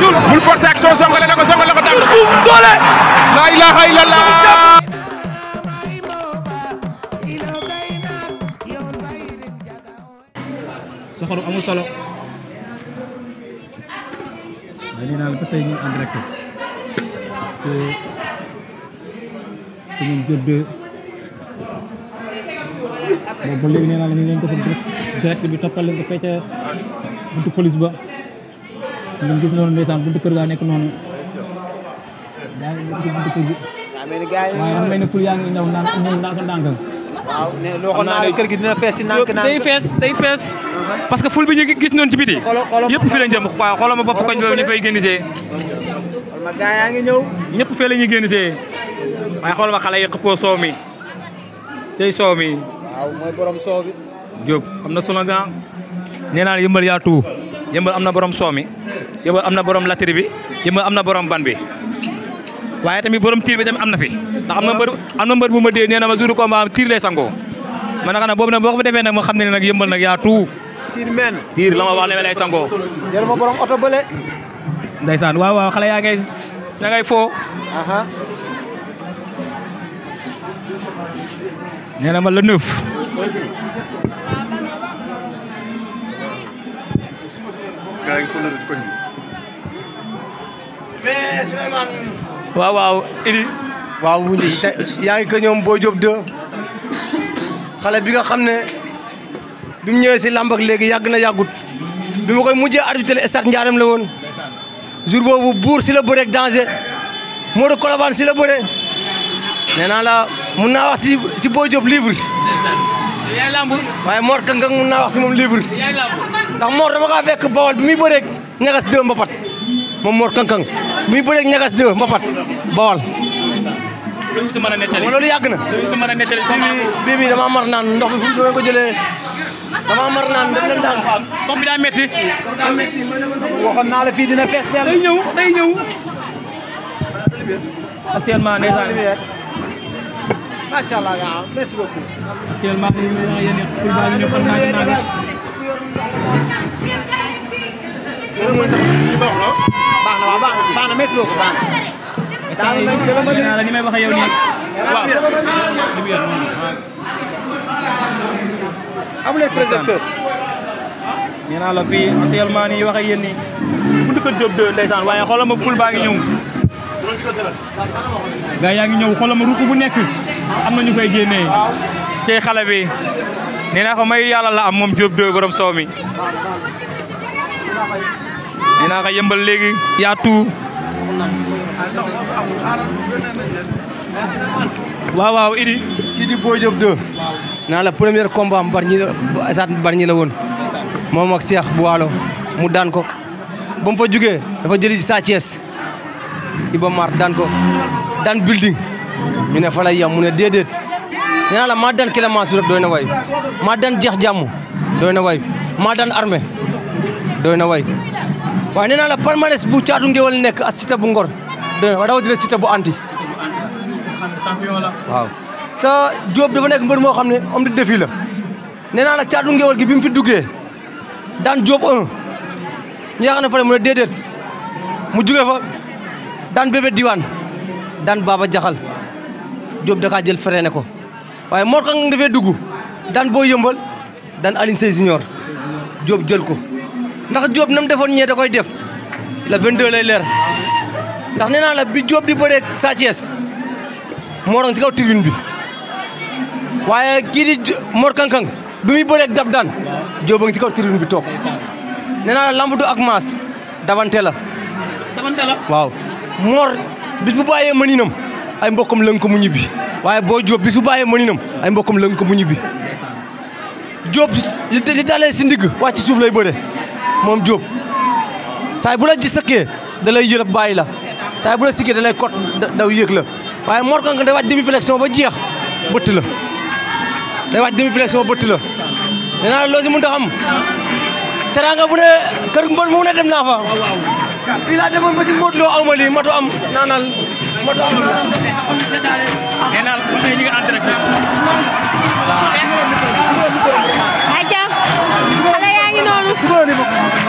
Oh, bul forcer ak soo songale na ko songale na ko daan na fuuf doole. la ilaha illallah. soxoru amul solo waaye nii naa la ba tey ñu en direct ci commune Diop 2 boobu naa la ñu ngi leen defal direct bi toppal leen ko fay ca buntu police ba ñun gis noonu ndeysaan buntu kër gaa nekk noonu daa buntu kër gi waaye xam nga ne pour yaa waaw mais loo xam kër gi fees i nànk nànk day fees day fees. parce que ful bi ñu gis noonu ci biti. yëpp fi lañ jëm waaw xoolal ma bopp koñ boobu ñu fay génn ma gaa yaa ngi ñëw. ñëpp fee la ñuy génn see waaye xoolal ma xale tey soow mi. bi. Diop am na solo gaa nee naa yëmbal yaa tuut yëmbal am na borom soow mi am na borom latiri bi yëmbal am na borom ban bi. waaye tamit borom tiir bi tamit am na fi ndax na mbër am ma dee nee na ma jour combat am tiir lay sangoo man nag boobu nag boo ko defee nag ma xam ne nag yëmbal nag yaa tout. tiir meen tiir la ma wax ne lay sangoo. borom oto bële. ndeysaan waaw waaw xale yaa ngay yaa foo. nee ma la waaw waaw Idi. waaw Wouly te yaa ngi ko ñoom Boy Diop xale bi nga xam ne bi mu ñëwee si làmb léegi yàgg na yàggut bi ma koy mujjee arbitre stade Ndiarème la woon jour boobu buur si la bëree ak danger Modou Colobane si la bëree nee naa la mun naa wax si si Boy Diop livre. yaay lamb waaye Mor Kang Kang mun naa wax si moom livre. yaay lamb ndax Mor dama kaa fekk Bawol bi muy bëree ñagas deux mbapat. moom Mor Kankang muy bëreeg ñagas deux Mbapat Bawal. loolu si mën a nettali yàgg na. loolu si mën a nettali bii bii damaa mar naan ndox bi fu mu ko jëlee damaa mar naan ndox bi daa métti. daa métti la fii dina fees dell. day ñëw day ñëw. actuellement ndeysaan. waaw baax na may wax ak yow nii waaw. amu leen projecteur. nee naa la fii actuellement nii wax ak yéen nii. bu ma ful baa ngi ñëw. gars ngi ñëw xoolal ma ruku bu nekk am na ñu koy génnee. ci xale bi naa ko may yàlla la am moom Diop 2 borom soow nee naa ko léegi yaa tout waaw waaw Idi. Idi Boy Diop 2. naa la première combat am Bargny la esaat Bargny la woon. moom ak bu Bouwalo mu daan ko. ba mu fa jugee dafa jëli Sa Thiès. Iba Mar daan ko daan building. ñu ne fa yam mu ne déedéet. nee naa la maa daan Clémence rek doy na way maa daan jeex jàmm doy na way maa daan armée doy na way waaye nee naa la permanence bu caatu nekk ak Siteu bu Ngor rawatina Siteu bu anti waaw sa Diop dafa nekk mbër moo xam ne om de défi la nee naa la caatu ngéwal gi bi mu fi duggee daan Diop 1 ñu yaakaar mu ne déedéet mu jugee fa daan bébé diwaan daan Baba Jaxal Diop da kaa jël freiné ko waaye Mor Kang dafee dugg daan boo yëmbal daan Alioune Sèye jël ko ndax Diop nam defoon ñee da koy def la 22 lay leer ndax nee naa la bi Diop di bëree Sa Thiès moo doon bi waaye kii di Mor Kankang bi muy bëree dab daan Diop a ngi ci bi toog nee naa la ak maas davante la. davante la waaw Mor bis bu bàyyee mëninam ay mbokkam lëng ko mu ñibbi waaye boo Diop bis bu bàyyee mëninam ay mbokkam lëng ko mu ñibbi Diop li dalee si ndigg wàcc ci suuf lay bëree. moom Diop saay bu la ji sëkkee dalay lay yërëb bàyyi la saay bu la sikkee da kot daw yéeg la waaye Mor Kang day waaj demi flexion ba jeex bëtt la day waaj demi flexion bëtt la nee naa loo si mënut teraanga bu ne kër mbër mu ne dem naa fa fii laa 부어야 되면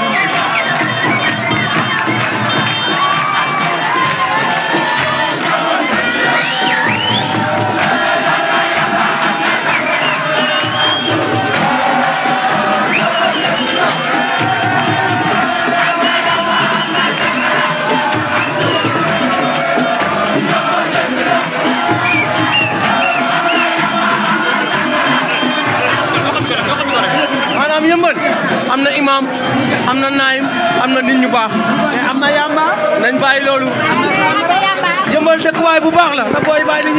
baax. am na yamba. nañ bàyyi loolu. yëmbal dëkkuwaay bu baax la. na booy bàyyi